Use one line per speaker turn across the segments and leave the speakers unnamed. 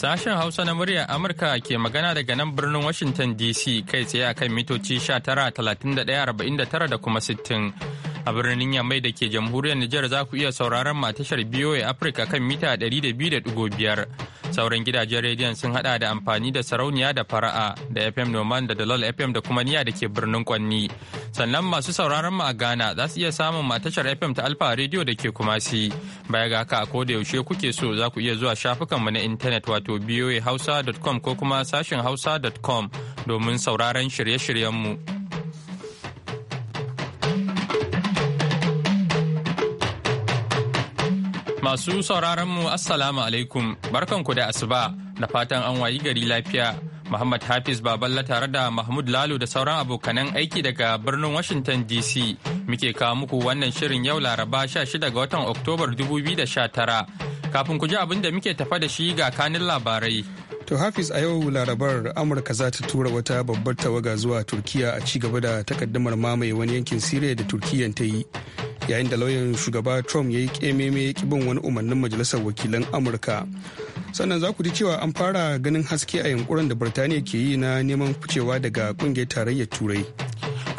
Sashen Hausa na muryar Amurka ke magana daga nan birnin Washington DC kai tsaye akan mitoci 19, 31, 49 da kuma 60. A birnin Yamai da ke jamhuriyar Nijar za ku iya sauraron matashar BOA Africa kan mita 200.5. Sauran gidajen rediyon sun hada da amfani da sarauniya da fara'a da FM Noman da Dalol FM da kuma niya da ke birnin Kwanni. Sannan masu sauraron mu a Ghana za su iya samun tashar FM ta Alfa Radio da ke Kumasi. Baya ga haka ko da yaushe kuke so za ku iya zuwa shafukanmu na intanet wato boahausa.com ko kuma sashin hausa.com domin sauraron shirye shiryen mu Masu mu Assalamu alaikum, barkanku da asuba da fatan an wayi gari lafiya. Muhammad Hafiz Baballa tare da Mahmud Lalo da sauran abokanan aiki daga birnin Washington DC muke kawo muku wannan shirin yau Laraba 16 ga watan Oktobar 2019. Kafin ku ji abin da muke tafa da shi ga kanin labarai.
To Hafiz a yau Larabar Amurka za ta tura wata babbar tawaga zuwa Turkiya a ci gaba da takaddamar mamaye wani yankin Siriya da Turkiyan ta yi. yayin da lauyan shugaba trump ya yi kememe kibin wani umarnin majalisar wakilan amurka sannan za ku ji cewa an fara ganin haske a yankuran da birtaniya ke yi na neman ficewa daga kungiyar tarayyar
turai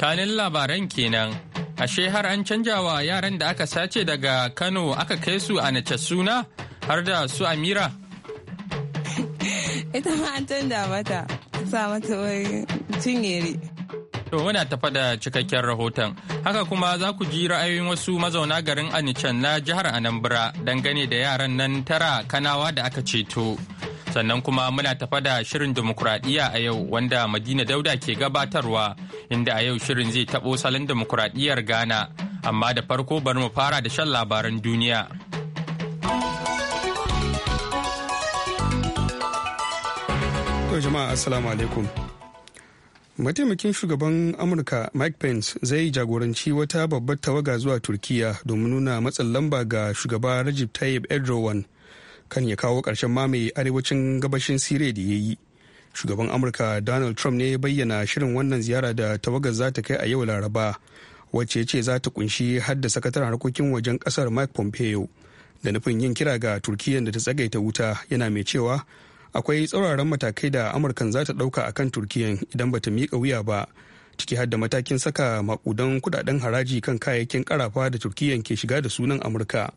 kanin labaran kenan ashe har an canja wa yaran da aka sace daga kano aka kai su a nace suna har da su amira
ita ma an canja mata sa mata wai cinyere
To muna tafa da cikakken rahoton. Haka kuma za ku ji ra'ayoyin wasu mazauna garin Anichan na jihar Anambra dangane da yaran nan tara kanawa da aka ceto. Sannan kuma muna tafa da shirin demokuraɗiyya a yau wanda Madina Dauda ke gabatarwa inda a yau shirin zai taɓo salon demokuraɗiyyar Ghana. Amma da farko bari mu fara da shan labaran duniya.
jama'a assalamu alaikum mataimakin shugaban amurka mike pence zai jagoranci wata babbar tawaga zuwa turkiya domin nuna matsin lamba ga shugaba rajib tayyip erdogan kan ya kawo ƙarshen mamaye arewacin gabashin sire da ya yi shugaban amurka donald trump ne bayyana shirin wannan ziyara da tawagar za ta kai a yau laraba wacce ce za ta kunshi hadda sakataren harkokin wajen kasar mike pompeo da nufin yin kira ga turkiyya da ta tsagaita wuta yana mai cewa akwai tsauraran matakai da amurkan za ta ɗauka akan turkiyya idan ba ta miƙa wuya ba ciki har da matakin saka makudan kudaden haraji kan kayayyakin karafa da turkiyya ke shiga da sunan amurka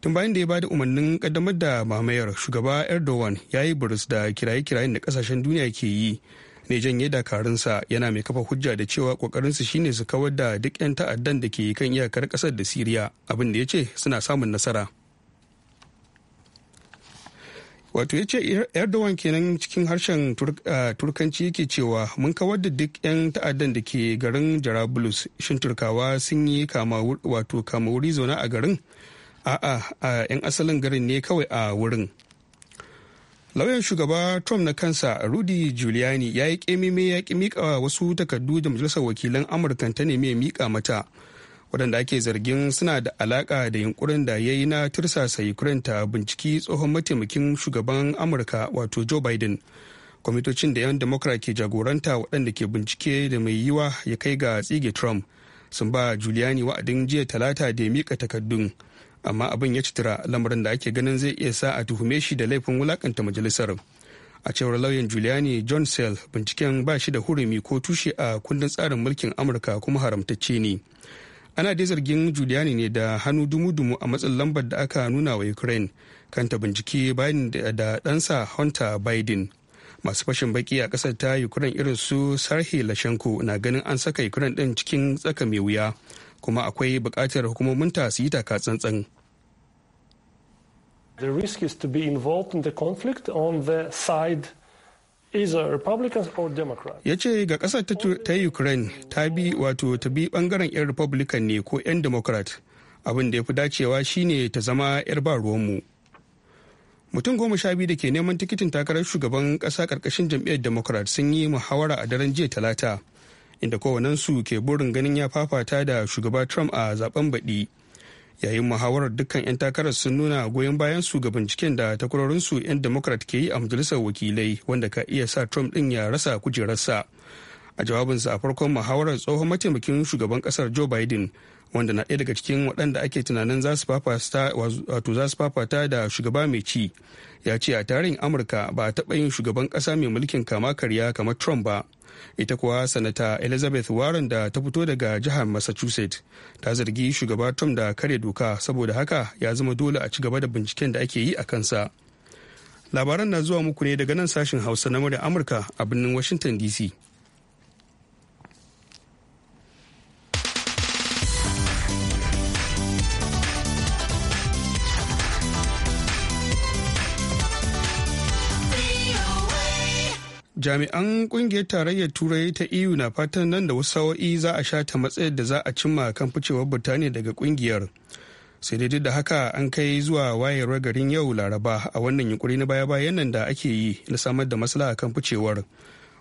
tun bayan da ya bada umarnin kaddamar da mamayar shugaba erdogan ya yi buris da kiraye-kirayen da kasashen duniya ke yi ne janye dakarunsa yana mai kafa hujja da cewa kokarinsu shine su kawar da duk 'yan ta'addan da ke kan iyakar kasar da siriya abin da ya ce suna samun nasara wato ya ce er- erdogan kenan cikin harshen turkanci yake cewa mun kawar da duk 'yan ta'addan da ke garin jarabulus shin turkawa sun yi wato kama wuri zaune a garin a'a a 'yan asalin garin ne kawai a wurin lauyan shugaba trump na kansa rudy giuliani ya yi kemime ya ki mika wasu takardu da majalisar wakilan amurka ta nemi mika mata waɗanda ake zargin suna da alaƙa da yunkurin da ya yi na tursasa ukraine ta binciki tsohon mataimakin shugaban amurka wato joe biden kwamitocin da 'yan democrat ke jagoranta waɗanda ke bincike da mai yiwa ya kai ga tsige trump sun ba juliani wa'adin jiya talata da ya mika takardun amma abin ya citira lamarin da ake ganin zai iya sa a tuhume shi da laifin wulakanta majalisar a cewar lauyan juliani John Sell binciken ba shi da hurumi ko tushe a kundin tsarin mulkin Amurka kuma haramtacce ne. ana dai zargin juliani ne da hannu dumu-dumu a matsin lambar da aka nuna wa ukraine kanta bincike bayan da ɗansa hunter biden masu fashin baki a ƙasar ta ukraine irin su sarhi lashenko na ganin an saka ukraine ɗin cikin tsaka mai wuya kuma akwai buƙatar hukumominta su yi taka tsantsan the risk is to be involved in the conflict on
the side
ya ce ga kasar ta ukraine ta bi wato ta bi bangaren 'yan republican ne ko 'yan democrat abin da ya fi dacewa shine ta zama 'yar ba ruwanmu mutum goma sha biyu da ke neman tikitin takarar shugaban kasa karkashin jam'iyyar democrat sun yi muhawara a daren jiya talata inda kowanensu ke burin ganin ya fafata da shugaba trump a zaben baɗi yayin muhawarar dukkan 'yan takarar sun nuna goyon bayan su ga binciken da su 'yan democrat ke yi a majalisar wakilai wanda ka iya sa trump din ya rasa kujerarsa a jawabinsa a farkon muhawarar tsohon mataimakin shugaban kasar joe biden wanda na ɗaya daga cikin waɗanda ake tunanin za su fafata da shugaba mai ci ya ce a tarihin amurka ba a taɓa yin shugaban ƙasa mai mulkin kama karya kamar trump ba ita kuwa sanata elizabeth warren da ta fito daga jihar massachusetts ta zargi shugaba trump da kare doka saboda haka ya zama dole a ci gaba da binciken da ake yi a kansa labaran na zuwa muku ne daga nan sashen hausa na murya amurka a birnin washington dc jami'an kungiyar tarayyar turai ta eu na fatan nan da wasu sawa'i za a sha ta matsayar da za a cimma kan ficewar birtaniya daga kungiyar sai dai duk da haka an kai zuwa wayar garin yau laraba a wannan yunkuri na baya-bayan nan da ake yi na samar da maslaha kan ficewar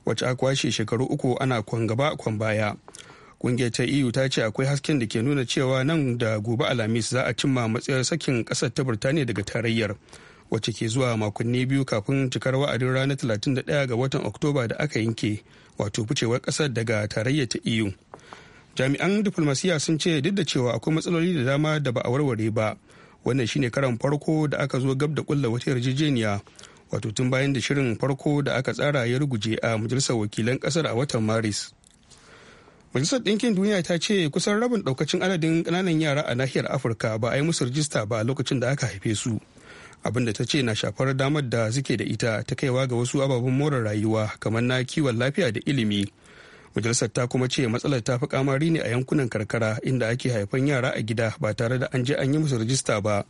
wacce a kwashe shekaru uku ana kwan gaba kwan baya kungiyar ta eu ta ce akwai hasken da ke nuna cewa nan da gobe alhamis za a cimma matsayar sakin kasar ta birtaniya daga tarayyar wacce ke zuwa makonni biyu kafin cikar wa'adin ranar 31 ga watan oktoba da aka yanke wato ficewar kasar daga tarayyar ta eu jami'an diflomasiya sun ce duk da cewa akwai matsaloli da dama da ba a warware ba wannan shine karan farko da aka zo gab da kulla wata yarjejeniya wato tun bayan da shirin farko da aka tsara ya ruguje a majalisar wakilan kasar a watan maris majalisar ɗinkin duniya ta ce kusan rabin ɗaukacin adadin ƙananan yara a nahiyar afirka ba a yi musu rijista ba a lokacin da aka haife su abinda ta ce na shafar damar da suke da ita ta kaiwa ga wasu ababen more rayuwa kamar na kiwon lafiya da ilimi majalisar ta kuma ce matsalar ta fi kamari ne a yankunan karkara inda ake haifan yara a gida ba tare da an je an yi musu rajista ba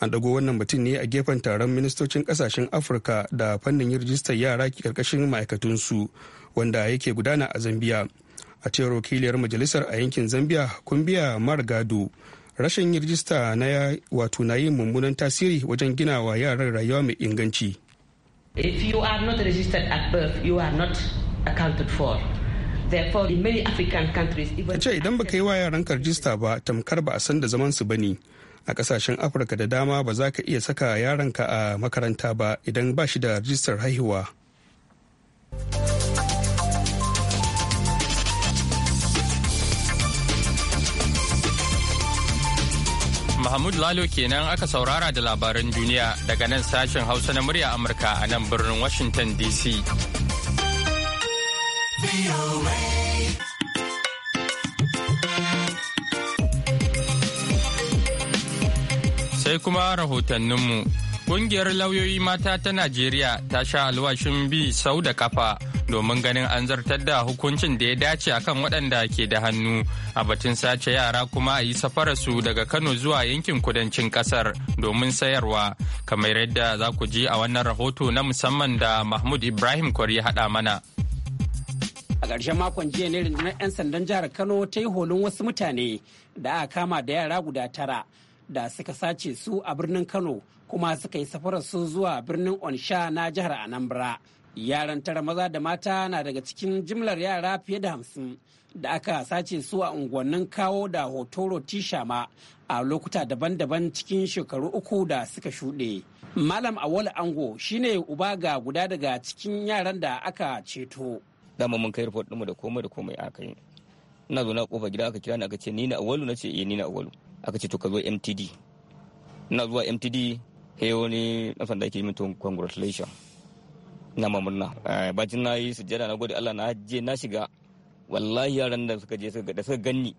an dago wannan batun ne a gefen taron ministocin kasashen afirka da fannin yin rajistar yara ke karkashin ma'aikatunsu wanda yake gudana a zambia a cewar wakiliyar majalisar a yankin zambia kumbiya margado rashin yin rijista na wato na yin mummunan tasiri wajen gina wa yaran rayuwa mai inganci
if you are not registered at birth you are not accounted for therefore in many
ce idan ba ka yi wa yaran ka rijista ba tamkar ba a san da zaman su ne a kasashen afirka da dama ba za ka iya saka yaranka a makaranta ba idan ba shi da rijistar haihuwa
Mahmud Lalo kenan aka saurara da labaran duniya daga nan sashen Hausa na murya Amurka a nan birnin Washington DC. Sai kuma rahotanninmu. Ƙungiyar lauyoyi mata ta Najeriya ta sha alwashin bi sau da kafa domin ganin an zartar da hukuncin da ya dace a kan waɗanda ke da hannu a batun sace yara kuma a yi su daga Kano zuwa yankin kudancin ƙasar domin sayarwa kamar yadda za ku ji a wannan rahoto na musamman da Mahmud Ibrahim Kwari haɗa mana.
a ƙarshen makon jiya ne rundunar 'yan sandan jihar kano ta yi holin wasu mutane da aka kama da yara guda tara da suka sace su a birnin kano kuma suka yi su zuwa birnin onsha na jihar anambra yaran tara maza da mata na daga cikin jimlar yara fiye da hamsin da aka sace su a unguwannin kawo da hotoro tishama a lokuta daban-daban cikin shekaru uku da suka shuɗe malam awol ango shine uba ga guda daga cikin yaran da aka ceto dama mun kai report ɗinmu da komai da komai aka yi ina zo na kofa gida aka kira ni aka ce ni na awalu na ce eh, ni na awalu aka ce to ka zo mtd ina zuwa mtd he wani na sanda ke min to congratulation na mamurna eh, bacin na yi sujjada na gode Allah na je na shiga wallahi yaran da suka je da suka ganni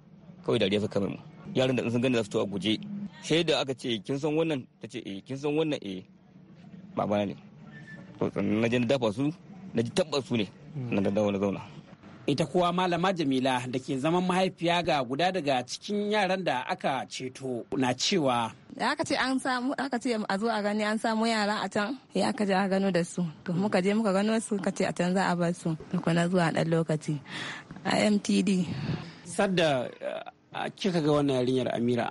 kawai dariya suka mai mu yaran da sun ganni za su to a guje shaida aka ce kin san wannan ta ce eh kin san wannan eh babana ne to na je na dafa su na ji tabbasu su ne na da dawo na zauna ita kuwa malama jamila da ke zaman mahaifiya ga guda daga cikin yaran da aka ceto na cewa
da aka ce an samu aka ce a zo a gani an samu yara a can ya aka je a gano da su to muka je muka gano su ka ce a can za a bar su na zuwa dan lokaci a mtd
sadda eh, kika ga wannan yarinyar amira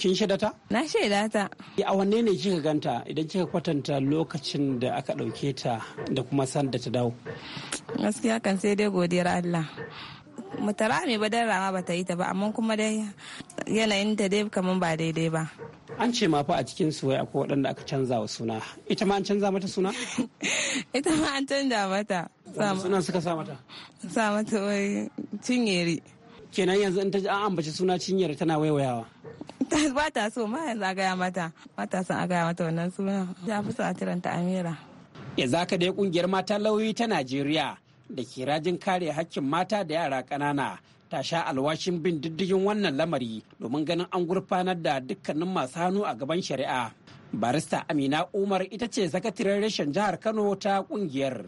kin shaida ta? Na shaida ta. Eh, a wanne ne kika ganta idan kika kwatanta lokacin da aka ɗauke ta da kuma san da ta dawo?
Gaskiya kan sai dai godiyar Allah. Mutara mai rama ba ta yi ta ba amma kuma dai yanayin ta dai kamar ba daidai ba.
An ce ma fa a cikin su wai akwai waɗanda aka canza wa suna. Ita ma an canza mata suna?
Ita ma an canza mata. Sunan suka sa mata? Sa mata wai
cinyeri. kenan yanzu in ta an ambaci suna cinyeri tana waiwayawa
ba ta so ma yanzu a gaya mata ba ta son a gaya mata wannan sunan ya fi sa tiranta amira
za ka dai kungiyar mata lauyi ta najeriya da ke rajin kare hakkin mata da yara ƙanana ta sha alwashin bin diddigin wannan lamari domin ganin an gurfanar da dukkanin masu hannu a gaban shari'a barista amina umar ita ce sakataren reshen jihar kano ta kungiyar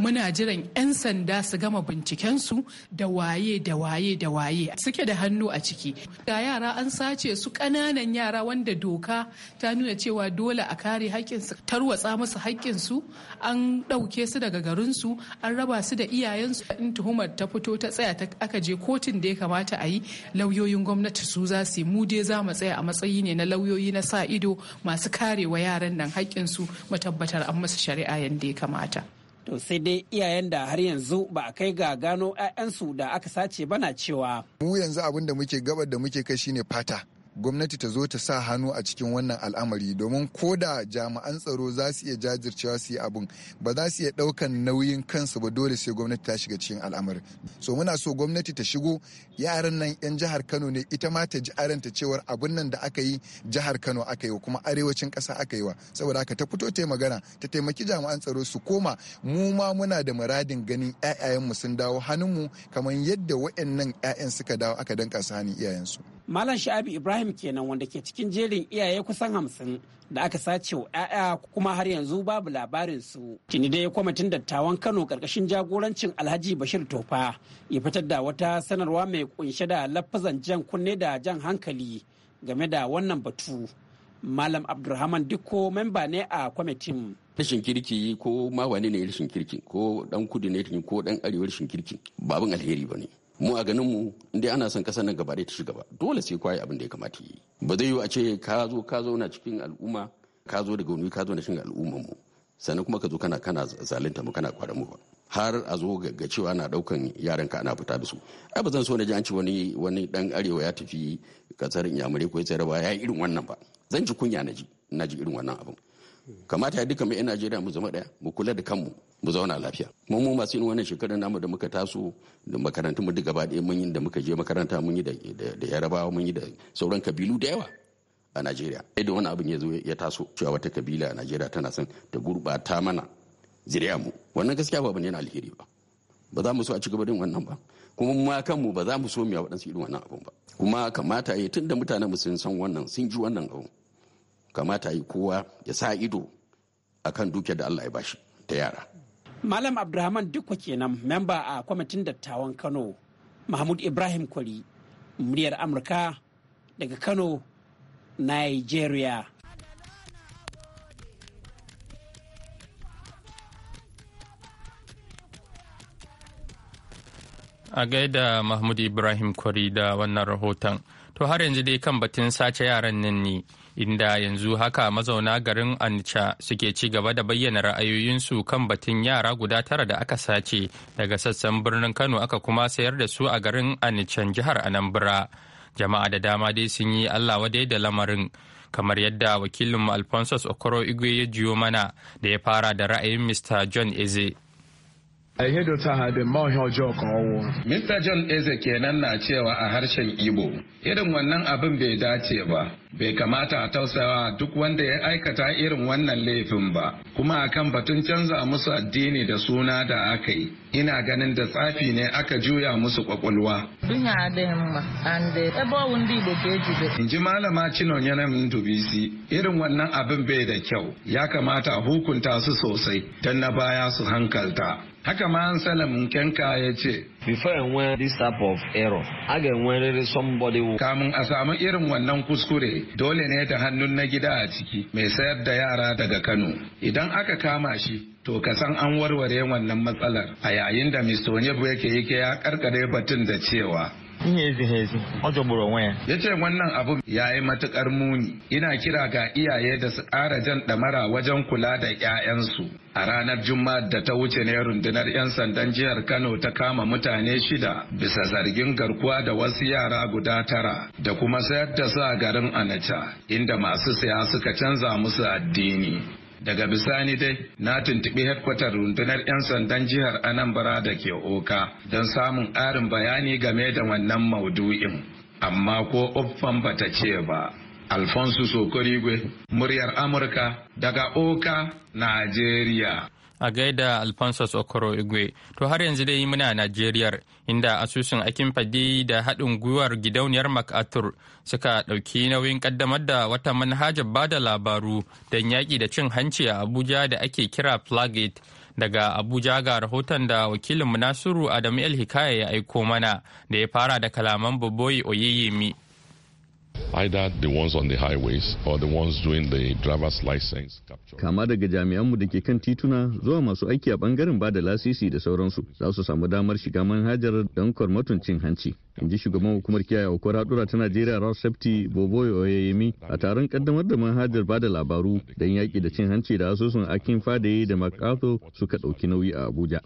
muna jiran 'yan sanda su gama bincikensu da waye da waye da waye suke da hannu a ciki ga yara an sace su ƙananan yara wanda doka ta nuna cewa dole a kare haƙƙinsu tarwatsa musu su an ɗauke su daga garinsu an raba su da iyayensu in tuhumar ta fito ta tsaya ta aka je kotun da ya kamata a yi lauyoyin gwamnati su za su mu dai za mu tsaya a matsayi ne na lauyoyi na sa ido masu karewa yaran nan haƙƙinsu mu tabbatar an musu shari'a yadda
ya kamata. to sai dai iyayen da har yanzu ba a kai ga gano 'ya'yansu da aka
sace bana cewa mu yanzu abin da muke gabar da muke kai shine fata gwamnati ta zo ta sa hannu a cikin wannan al'amari domin ko da jami'an tsaro za su iya jajircewa su yi abun ba za su iya ɗaukan nauyin kansu ba dole sai gwamnati ta shiga cikin al'amarin so muna so gwamnati ta shigo yaran nan 'yan jihar kano ne ita ma ta ji aranta cewar abun nan da aka yi jihar kano aka yi kuma arewacin ƙasa aka yi wa saboda haka ta fito ta magana ta taimaki jami'an tsaro su koma mu ma muna da muradin ganin mu sun dawo hannun mu kamar yadda waɗannan ƴaƴan suka dawo aka danka su hannun iyayensu
Malam Sha'abi Ibrahim kenan wanda ke cikin jerin iyaye kusan hamsin da aka sace wa 'ya'ya kuma har yanzu babu labarin su. Tuni dai kwamitin dattawan Kano karkashin jagorancin Alhaji Bashir Tofa ya fitar da wata sanarwa mai kunshe da lafazan jan kunne da jan hankali game da wannan batu. Malam Abdulrahman Dikko memba ne a kwamitin.
Rashin kirki ko ma wane ne rashin kirki ko dan kudu ne ko dan arewa rashin kirki babin alheri ba ne. mu a ganin mu inda ana son kasar nan gaba ta shiga ba dole sai kwaye abin da ya kamata yi ba zai yi a ce ka zo ka na cikin al'umma ka zo daga wani ka zo na cikin al'ummar mu sannan kuma ka zo kana kana zalunta mu kana kwara mu har a zo ga cewa na daukan yaran ka ana fita da su ai ba zan so na ji an ci wani wani dan arewa ya tafi kasar inyamurai ko ya tsayar ba ya irin wannan ba zan ji kunya na ji na ji irin wannan abin kamata ya duka mai 'yan najeriya mu zama daya mu kula da kanmu mu zauna lafiya mu mu masu yin wannan shekarar namu da muka taso da makarantun mu duk gaba daya mun yi da muka je makaranta mun yi da yarabawa mun yi da sauran kabilu da yawa a najeriya da wani abin ya zo ya taso cewa wata kabila a najeriya tana son ta gurɓata mana zuriya mu wannan gaskiya ba ne na alheri ba ba za mu so a ci gaba da wannan ba kuma ma kanmu ba za mu so mu ya waɗansu irin wannan abun ba kuma kamata ya tun da mutanen mu sun san wannan sun ji wannan abun kamata yi kowa ya sa ido a kan dukiyar da Allah ya bashi ta yara.
Malam Abdulrahman Dukwa kenan memba a kwamitin dattawan Kano Mahmud Ibrahim Kwari muryar Amurka daga Kano, Nigeria.
A gaida Mahmud Ibrahim Kwari da wannan rahoton. To har yanzu dai kan batun sace yaran nan ne, inda yanzu haka mazauna garin Anca suke ci gaba da bayyana ra'ayoyinsu kan batun yara guda tara da aka sace daga sassan birnin Kano aka kuma sayar da su a garin Ancan jihar Anambra. Jama'a da dama dai sun yi Allah wadai da lamarin. kamar yadda wakilinmu alphonsus okoro igwe ya jiyo mana da ya fara da ra'ayin mr john eze
ta Mr. John Eze kenan na cewa a harshen Igbo, irin wannan abin bai dace ba, bai kamata a tausawa duk wanda ya aikata irin wannan laifin ba, kuma akan batun canza musu addini da suna da aka yi. Ina ganin da tsafi ne aka juya musu kwakwalwa. In ji malama Chinonye na Ndubisi, irin wannan abin bai da kyau, ya kamata a hukunta su sosai, don na baya su hankalta. Haka ma an Salam Nkenka ya ce, Before enwe this type of error, a
ga-enwerịrị somebody
who... Kamun a samu irin wannan kuskure, dole ne da hannun na gida a ciki mai sayar da yara daga Kano. Idan aka kama shi, to ka san an warware wannan matsalar a yayin da Mr. Onyebu yake yake ya karkare batun da cewa ihe ezi ha ezi ọ jọgburu onwe ya ce wannan abu ya yi matukar muni ina kira ga iyaye da su ƙara jan ɗamara wajen kula da 'ya'yansu a ranar juma'a da ta wuce ne rundunar 'yan sandan jihar kano ta kama mutane shida bisa zargin garkuwa da wasu yara guda tara da kuma sayar da su a garin anacha inda masu siya suka canza musu addini daga bisani dai na tuntuɓi hedkwatar rundunar 'yan sandan jihar anambra da ke oka don samun ƙarin bayani game da wannan maudu'in amma ko uffan bata ce ba Alfonso Sokorigwe, muryar Amurka daga Oka, Najeriya.
A gaida Alfonso Sokoro Igwe, to har yanzu dai muna Najeriya inda asusun akin fadi da haɗin gwiwar gidauniyar MacArthur suka ɗauki nauyin ƙaddamar da wata manhajar ba da labaru don yaƙi da cin hanci a Abuja da ake kira Flagate. daga Abuja ga rahoton da wakilin Nasiru Adamu El Hikaya ya aiko mana da ya fara da kalaman Boboyi Oyeyemi.
Kama daga jami'anmu da ke kan tituna zuwa masu aiki a bangaren bada lasisi da sauransu za su samu damar shiga manhajar don kwarmatun cin hanci. in ji shugaban hukumar kiyaye aukuwar hadura ta najeriya ross safety boboy oyeyemi a taron kaddamar da manhajar bada labaru don yaƙi da cin hanci da asusun akin fadaye da makato suka ɗauki nauyi a abuja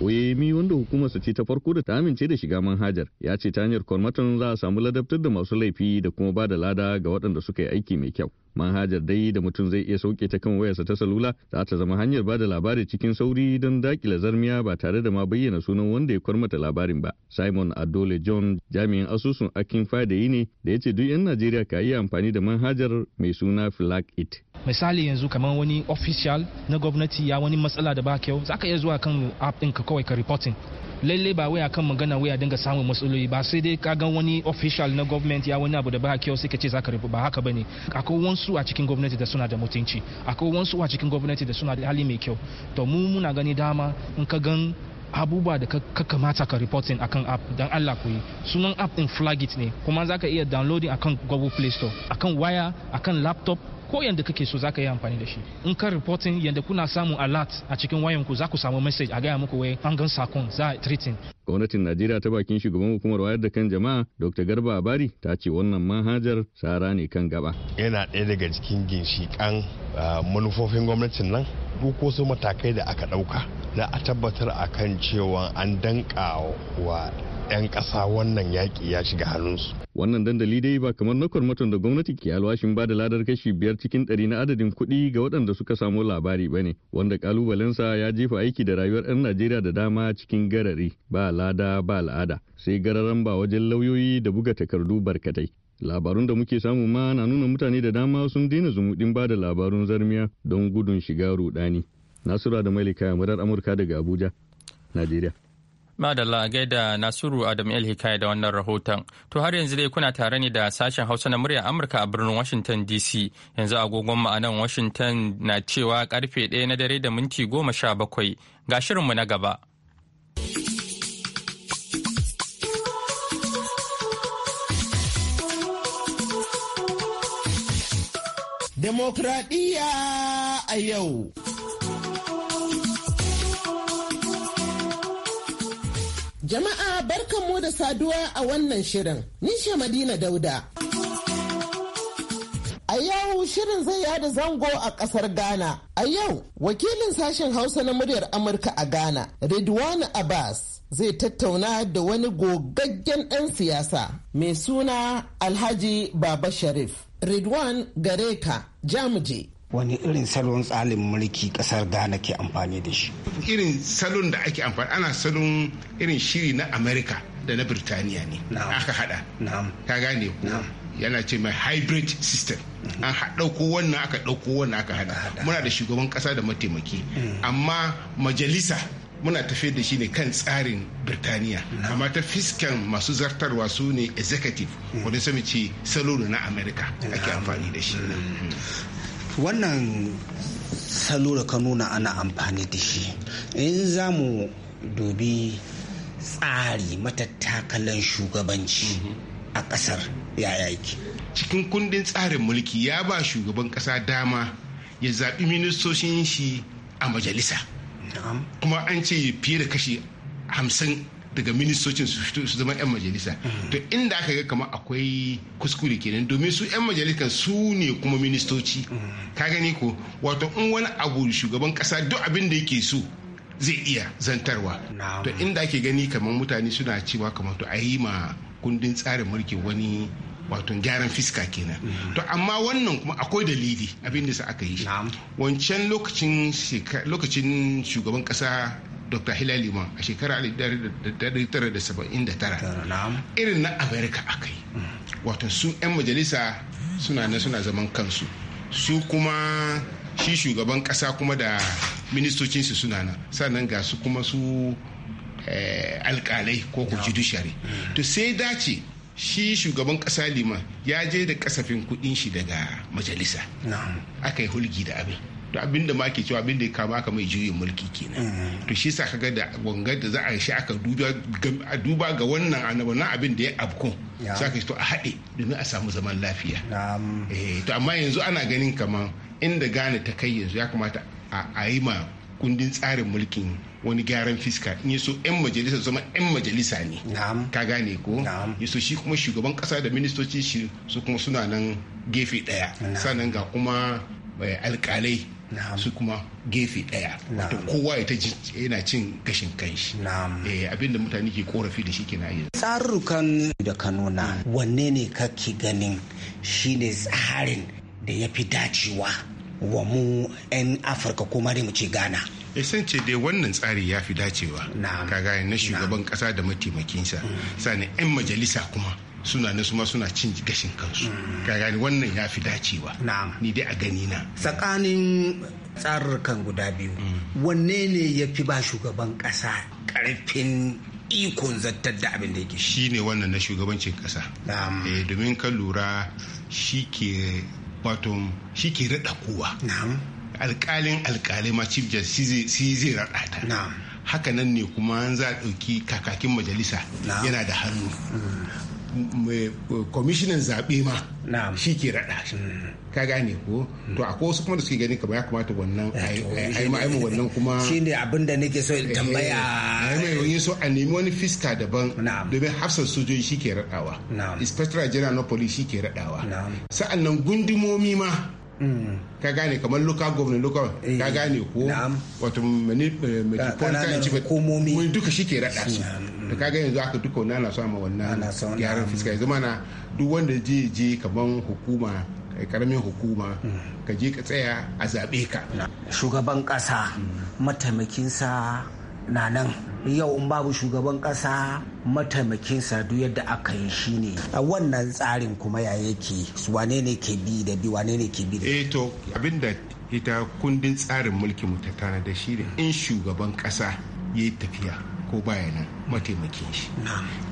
oyeyemi wanda hukumarsa ce ta farko da ta amince da shiga manhajar ya ce ta hanyar kwarmatan za a samu ladabtar da masu laifi da kuma bada lada ga waɗanda suka yi aiki mai kyau manhajar dai da mutum zai iya sauke ta kan wayarsa ta salula za ta zama hanyar bada labari cikin sauri don dakila zarmiya ba tare da ma bayyana sunan wanda ya kwarmata labarin ba simon adole john jami'in asusun akin fadayi ne da ya ce duk 'yan najeriya ka yi amfani da manhajar mai suna flag it
misali yanzu kamar wani official na gwamnati ya wani matsala da ba kyau za ka iya zuwa kan app din ka kawai ka reporting lallai ba waya kan magana waya dinga samun matsaloli ba sai dai ka gan wani official na government ya wani abu da ba kyau sai ka ce zaka ba haka bane akwai wansu a cikin gwamnati da suna da mutunci akwai wansu a cikin gwamnati da suna da hali mai kyau to mu muna gani dama in ka gan abubuwa da ka kamata ka reporting akan app dan Allah ku yi sunan app din flagit ne kuma zaka iya downloading akan Google Play Store akan waya akan laptop ko yanda kake so zaka yi amfani da shi in ka reporting yanda kuna samun alert a cikin wayanku ku za ku samu message a gaya muku wai an gan sakon za
a treating gwamnatin najeriya ta bakin shugaban hukumar wayar da kan jama'a dr garba abari ta ce wannan manhajar tsara ne kan gaba yana ɗaya daga cikin ginshiƙan ah, manufofin gwamnatin nan duk wasu matakai da aka ɗauka na a tabbatar akan cewa
an danƙa wa 'yan ƙasa wannan yaƙi ya shiga hannunsu.
Wannan dandali dai ba kamar na kwarmaton da gwamnati ke alwashin ba da ladar kashi biyar cikin ɗari na adadin kuɗi ga waɗanda suka samu labari ba ne, wanda ƙalubalensa ya jefa aiki da rayuwar 'yan Najeriya da dama cikin garari ba lada ba al'ada, sai gararan ba wajen lauyoyi da buga takardu barkatai. Labarun da muke samu ma na nuna mutane da dama sun daina zumuɗin ba da labarun zarmiya don gudun shiga ruɗani. Nasura da Malika, Murar Amurka daga Abuja, Najeriya.
Madalla gaida Nasiru Adam El Hikaya da wannan rahoton. To har yanzu dai kuna tare ne da sashen Hausa na murya Amurka a birnin Washington DC. Yanzu agogon ma'anan Washington na cewa karfe 1 na dare da minti goma sha bakwai. Ga shirinmu na gaba.
Demokradiyya a yau. Jama'a barkanmu da saduwa a wannan shirin. Nisha Madina Dauda. A yau shirin zai yada zango a ƙasar Ghana. A yau wakilin sashen Hausa na muryar Amurka a Ghana, Ridwan Abbas. Zai tattauna da wani gogaggen ɗan siyasa mai suna
Alhaji Baba Sharif. Ridwan Gareka Jamuje wani irin salon tsalin mulki kasar ghana ke amfani da shi
irin salon da ake amfani ana salon irin shiri na america da na birtaniya ne aka hada ta gane yana ce mai hybrid system mm-hmm. an ɗauko wannan aka ɗauko wannan aka hada muna da shugaban ƙasa da mataimaki mm. amma majalisa muna tafiyar da shi ne kan tsarin birtaniya amma ta fiskan masu zartarwa su ne executive mm. Wani sami ce na america ake amfani da shi mm. wannan
salo da ka nuna ana amfani da shi in za mu dubi
tsari matattakalan shugabanci a ƙasar yaya yake cikin kundin tsarin mulki ya ba shugaban ƙasa dama ya zaɓi ministocin shi a majalisa kuma an ce fiye da kashi hamsin daga ministocin su zama 'yan majalisa to inda aka ga kamar akwai kuskure kenan domin su 'yan majalisa su ne kuma ministoci ka gani ko wato in wani abu shugaban kasa duk abin da yake so zai iya zantarwa to inda ake gani kamar mutane suna cewa kamar to a yi ma kundin tsarin mulki wani wato gyaran fiska kenan mm. to amma wannan kuma akwai dalili abin da aka yi wancan lokacin lokacin shugaban kasa dr Hila imam a shekarar 1979 irin na america aka yi mm. wato su 'yan majalisa suna suna zaman kansu su kuma shi shugaban kasa kuma da ministocinsu suna nan sannan ga su kuma su eh, alkalai ko ku judiciary mm. to sai dace shi shugaban kasa liman ya je da kasafin kudin shi daga majalisa aka yi hulgi da abin to abin da ma ke cewa abin da ya kama aka mai juyin mulki kenan mm-hmm. to shi sa kaga da wangar da za a shi aka duba ga wannan annabawan abin da ya abkun sa ka to a haɗe domin a samu zaman lafiya eh, to amma yanzu ana ganin kamar inda gane ta kai yanzu ya kamata a yi ma kundin tsarin mulkin wani gyaran fiska in so 'yan majalisa zama 'yan majalisa ne ka gane ko yaso shi kuma shugaban kasa da ministoci shi su kuma suna nan gefe daya sannan ga kuma eh, alkalai su kuma gefe daya wato kowa ya ta yana cin gashin kanshi eh abinda mutane ke korafi da shi ke na yanzu tsarurrukan da kanuna mm. wanne ne kake
ganin shine tsarin da ya fi dacewa wa mu 'yan
afirka ko ma mu ce ghana eh, ce dai wannan tsari ya fi dacewa kaga na shugaban kasa da mataimakinsa mm. sani 'yan majalisa kuma suna ne suma suna cin gashin kansu ka gani wannan ya fi dacewa ni dai a gani na tsakanin
tsarurrukan guda biyu mm. wanne ne ya fi ba shugaban kasa karfin
ikon zartar da abin da yake shi ne wannan na shugabancin kasa eh, domin ka lura shi ke wato shi ke raɗa kowa alkalin alkalai ma chief justice shi zai raɗa ta haka nan ne kuma an za a ɗauki kakakin majalisa yana da hannu mm. kwamishinan eh, zaɓe ma shi ke raɗa shi mm. ka gane ko mm. to a wasu kuma da suke gani kamar ya kamata wannan eh, aimu eh, wannan kuma shi ne abin da nake so tambaya aimu yi so a nemi wani fiska daban domin hafsan sojoji shi ke raɗawa inspector general na police shi ke raɗawa sa'an nan gundumomi ma Mm. ka gane kamar local government local eh, ka gane ko wato metropolitan eh, hukumomi wani duka shi ke rada su da ka gane yanzu aka duka wani ana ma wannan gyaran fiska yanzu mana duk wanda je je kamar hukuma karamin hukuma mm. ka je ka tsaya a zaɓe ka shugaban ƙasa mm. mataimakinsa na nan yau in babu
shugaban kasa mataimakin sadu yadda aka yi shi ne. a wannan tsarin kuma ya
yake wane ne ke bi da bi wane ne ke bi da eh to abinda ita kundin tsarin mulkin ta tana da shi ne. in shugaban kasa ya yi tafiya ko baya nan mataimakin shi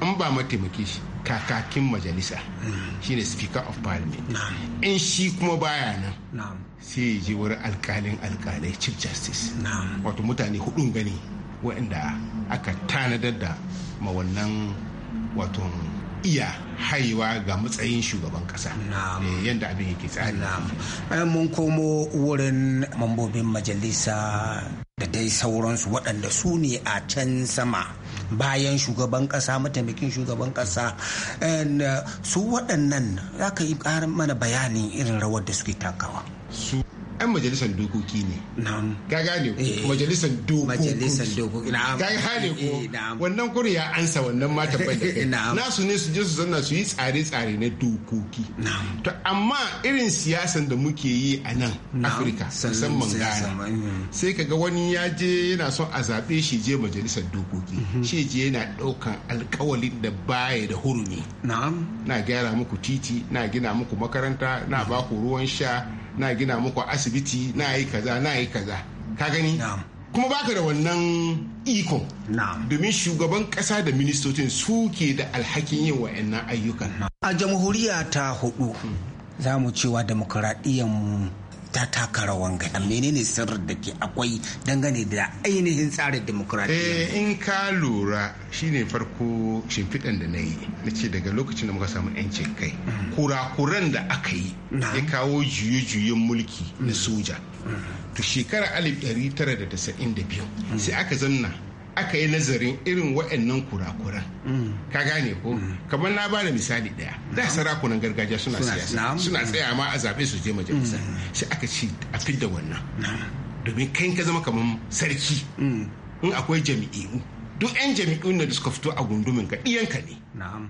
in ba mataimakin shi kakakin majalisa mm. shine speaker of parliament in shi kuma baya nan sai ya je wurin alkalin alkalai chief justice wato mutane hudun gani waɗanda aka tanadar da ma wannan wato iya haiwa ga matsayin shugaban kasa eh, yadda abin yake tsari
mun komo wurin mambobin majalisa da dai sauransu waɗanda su ne a can sama bayan shugaban kasa mataimakin shugaban kasa uh, su waɗannan za ka yi ƙarin mana bayani irin rawar da suke takawa su 'yan majalisar dokoki ne.
Ka gane ko eh. majalisar dokoki. Majalisar dokoki ko eh, wannan kuriya ya ansa wannan ma tabbatar. Nasu ne su je su zanna su yi tsare-tsare na dokoki. To amma irin siyasan da muke yi a nan Afirka musamman Ghana. Mm. Sai ka wani ya je yana son a zaɓe shi je majalisar dokoki. Mm-hmm. Shi je yana ɗaukan alkawalin da baya da hurumi. Na gyara muku titi, na gina muku makaranta, na mm-hmm. ba ku ruwan sha, na gina muku asibiti na yi kaza na yi kaza ka gani kuma baka da wannan iko. domin shugaban kasa da ministocin ke da alhakin yin wa'annan ayyukan a jamhuriya ta
hudu hmm. za mu cewa mu ta taka rawan gani menene
sirrin da ke akwai dangane da ainihin tsarin demokradiyya eh, in ka lura shine farko shimfiɗan da na yi na ce daga lokacin da muka samu yancin kai kurakuran da aka yi ya kawo juye-juyen mulki na mm. soja to shekara 1992 mm. sai aka zanna aka yi nazarin irin waɗannan kurakuran ka gane ko mm. kamar na bada misali daya da sarakunan gargajiya suna siyasa suna mm. tsaya ma a zaɓe su je majalisa mm. sai aka ci a fidda wannan domin kai ka zama kamar sarki in akwai jami'u duk 'yan jami'u da suka fito a gundumin ka ɗiyanka ne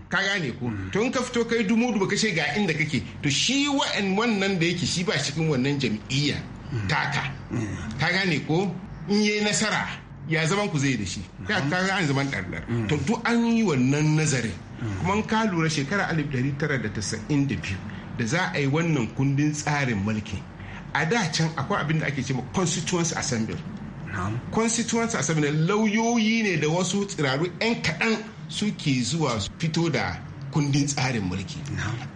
ka gane ko to in ka fito kai dumu dubu ka ce ga inda kake to shi wa'an wannan da yake shi ba cikin wannan jami'iyya taka ka gane ko in yi nasara ya zaman ku zai da shi ya ga an zaman ɗarɗar mm. to duk an yi wannan nazarin mm. kuma ka lura shekara 1992 da za a yi wannan kundin tsarin mulki a da can akwai abin da ake cewa constituency assembly constituency assembly lauyoyi ne da wasu tsirarru 'yan kaɗan suke zuwa fito da kundin tsarin mulki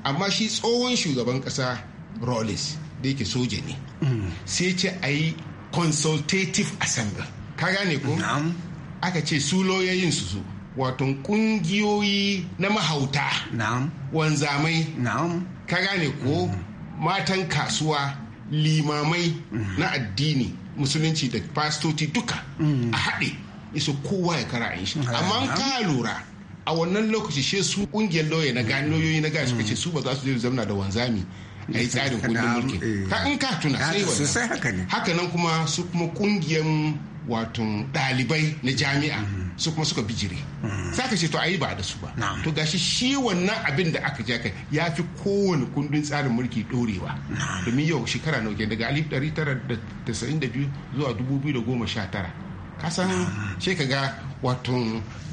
amma shi tsohon shugaban ƙasa rawlins da yake soja ne mm. sai ce a yi consultative assembly ka gane ko aka ce su loyoyin su su wato kungiyoyi na mahauta wanzamai ka gane ko mm. matan kasuwa limamai mm. na addini musulunci da fastoci duka mm. a haɗe isa kowa ya kara shi amma ka lura a wannan lokaci she su kungiyar lauya na gani na gani suka ce su ba za su je zamna da wanzami a yi tsarin kundin mulki eh. ka in ka tuna sai wannan haka nan kuma su kuma kungiyar wato ɗalibai na jami'a su kuma suka bijire mm. za ka ce to ayi ba da su ba to gashi shi wannan abin da aka ja kai ya fi kowane kundin tsarin mulki ɗorewa domin yau shekara nauke daga 1992 zuwa 2019 kasan sai ka ga wato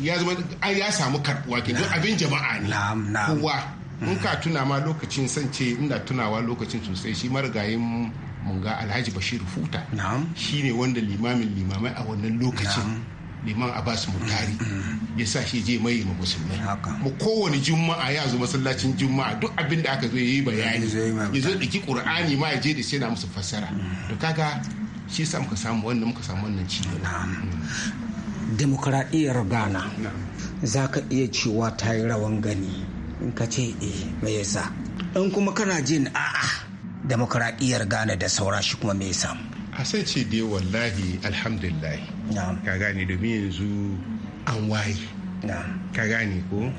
ya zama samu karɓuwa ke abin jama'a ne kowa in ka tuna ma lokacin sance ina tunawa lokacin sosai shi marigayin munga alhaji bashir futa shi ne wanda limamin limamai a wannan lokacin liman basu mutari mm, mm, mm. ya sa shi je mai ma musulmai mu kowane juma'a ya zo masallacin juma'a duk abin da aka zo yi bayani ya zo daki qur'ani ma ya je da sai na musu fassara to kaga shi sa muka samu wannan muka samu wannan ci demokradiyyar ghana
za ka iya cewa ta yi rawan gani in ka ce eh me yasa in kuma kana jin a'a demokradiyyar gane da saura shi kuma me yasa sai ce
dai wallahi alhamdulillah ka gane domin yanzu an waye ka gane ko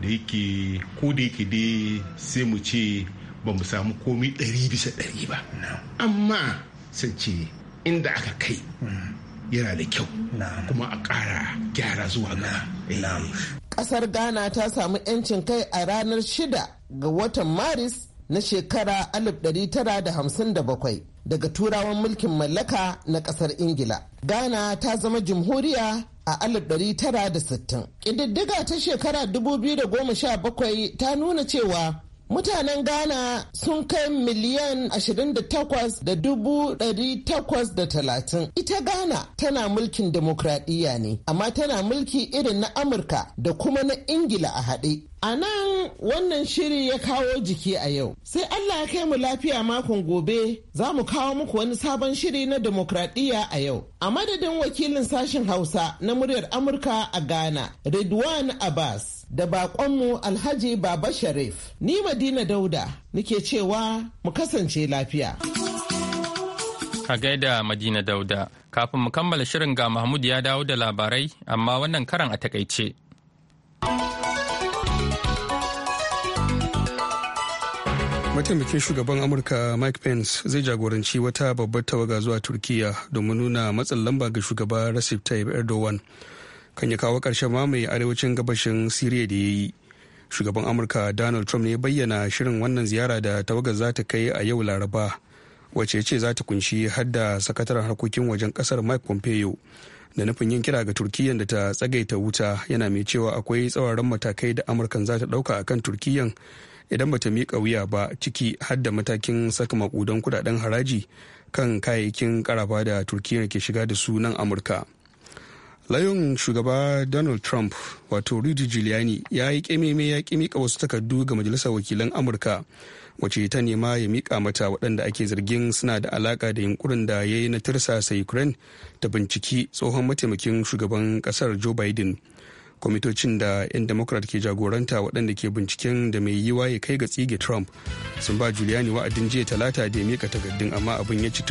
da yake ko da yake dai sai mu ce ba mu samu komi ɗari bisa ɗari ba amma sun ce inda aka kai hmm. yana da kyau kuma a ƙara gyara zuwa gaba.
Ƙasar Ghana ta samu 'yancin kai a ranar shida ga watan Maris na shekara 1957 daga turawan mulkin mallaka na ƙasar Ingila. Ghana ta zama jamhuriya a 1960. Ƙididdiga ta shekara 2017 ta nuna cewa mutanen ghana sun kai miliyan ashirin da dubu takwas da talatin ita ghana tana mulkin demokradiyya ne amma tana mulki irin na amurka da kuma na ingila a haɗe a nan wannan shiri ya kawo jiki a yau sai allah ya kai mu lafiya makon gobe za mu kawo muku wani sabon shiri na demokradiyya a yau a madadin wakilin sashen hausa na muryar amurka a ghana ridwan abbas da baƙonmu Alhaji Baba Sharif. Ni Madina Dauda nike cewa mu kasance lafiya.
Ka gaida Madina Dauda, kafin mu kammala shirin ga Mahmud ya dawo da labarai, amma wannan karan a takaice.
mataimakin shugaban amurka mike pence zai jagoranci wata babbar tawaga zuwa turkiya domin nuna matsin lamba ga shugaba recep tayyip erdogan kan ya kawo ƙarshen mamaye arewacin gabashin siriya da ya yi shugaban amurka donald trump ne bayyana shirin wannan ziyara da tawagar za ta kai a yau laraba wacce ce za ta kunshi hadda sakataren harkokin wajen kasar mike pompeo da nufin yin kira ga turkiyya da ta tsagaita wuta yana mai cewa akwai tsawaran matakai da amurkan za ta dauka kan turkiyyan idan bata miƙa wuya ba ciki hadda matakin saka makudan kudaden haraji kan kayayyakin karafa da turkiyya ke shiga da su nan amurka layin shugaba donald trump wato rudy giuliani ya yi kememe ya ki mika wasu takardu ga majalisar wakilan amurka wace ta nema ya mika mata waɗanda ake zargin suna da alaka da yunkurin da ya yi na tirsasa ukraine ta binciki tsohon mataimakin shugaban ƙasar joe biden kwamitocin da 'yan democrat ke jagoranta waɗanda ke binciken da mai yiwa ya kai ga tsige trump sun ba giuliani wa'adin jiya talata da ya mika takardun amma abin ya ci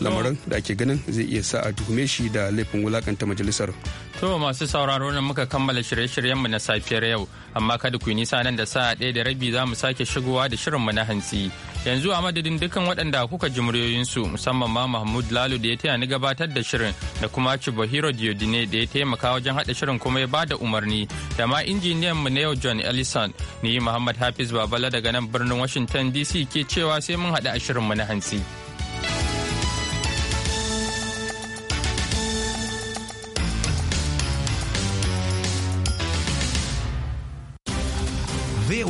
lamarin da ake ganin zai iya sa a tuhume shi da laifin wulakanta majalisar.
To masu sauraro nan muka kammala shirye-shiryenmu na safiyar yau, amma kada ku yi nisa nan da sa'a ɗaya da rabi za mu sake shigowa da shirinmu na hantsi. Yanzu a madadin dukkan waɗanda kuka ji muryoyinsu musamman ma Mahmud Lalu da ya taya ni gabatar da shirin da kuma Chibahiro Diodine da ya taimaka wajen haɗa shirin kuma ya bada umarni da ma injiniyan mu na yau John Ellison ni Muhammad Hafiz Babala daga nan birnin Washington DC ke cewa sai mun haɗu a shirinmu na hantsi.